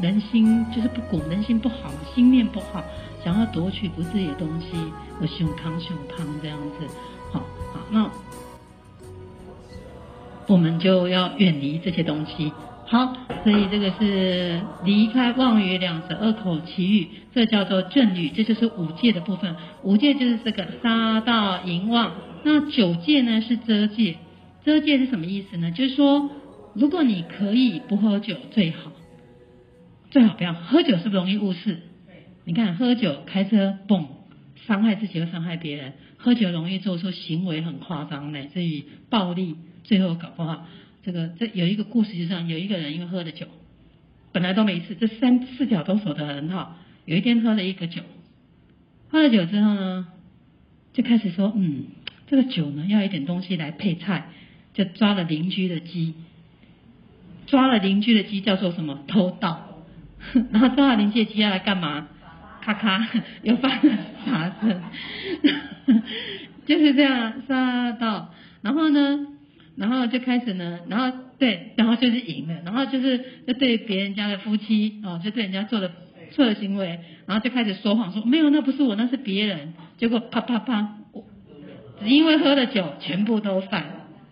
人心就是不古，人心不好，心念不好，想要奪取不自己的東西，我胸膛胸膛這樣子，好好，那我們就要遠離這些東西。好，所以這個是離開妄語兩舌惡口綺語，這叫做正語，這就是五戒的部分。五戒就是這個殺盜淫妄，那酒戒呢是遮戒，遮戒是什麼意思呢？就是說，如果你可以不喝酒最好。最好不要喝酒，是不是容易誤事？你看喝酒開車，嘣，傷害自己又傷害別人。喝酒容易做出行為很誇張的，乃至於暴力，最後搞不好這個。這有一個故事，就像有一個人因為喝了酒，本來都沒事，這三四條都守得很好。有一天喝了一個酒，喝了酒之後呢，就開始說：“嗯，這個酒呢，要一點東西來配菜。”就抓了鄰居的雞，抓了鄰居的雞叫做什麼？偷盜。 然後張亞麟接下來幹嘛？咔咔又犯了啥子？ 就是這樣殺到，然後呢，然後就開始呢，然後對，然後就是贏了，然後就是就對別人家的夫妻哦，就對人家做的錯的行為，然後就開始說謊說沒有，那不是我，那是別人。結果啪啪啪我，只因為喝了酒，全部都犯。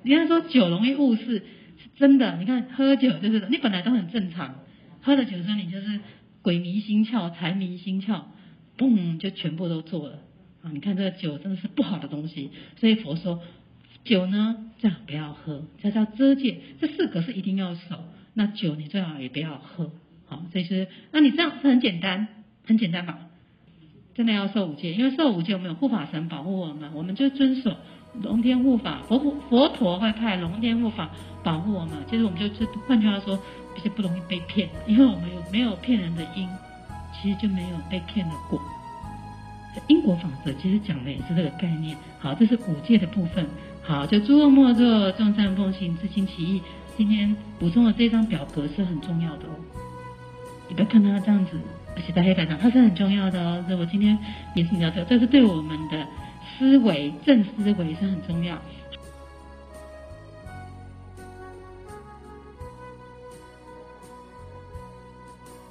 人家說酒容易誤事，是真的。你看喝酒就是你本來都很正常。喝了酒之後，你就是鬼迷心竅、財迷心竅，嘣就全部都做了啊！你看這個酒真的是不好的東西，所以佛說酒呢最好不要喝，這叫遮戒，這四個是一定要守。那酒你最好也不要喝，好，所以就是，那你這樣很簡單，很簡單吧？真的要受五戒，因為受五戒，我們有護法神保護我們，我們就遵守龍天護法。佛佛佛陀會派龍天護法保護我們，其實我們就換句話說，比較不容易被騙，因為我們有沒有騙人的因，其實就沒有被騙的果。因果法則其實講的也是這個概念。好，這是五戒的部分。好，就諸惡莫作，眾善奉行，自淨其意。今天補充的這張表格是很重要的哦。你不要看他這樣子。而且在黑板上，它是很重要的哦。這我今天也是提到這個，這是對我們的思維、正思維是很重要。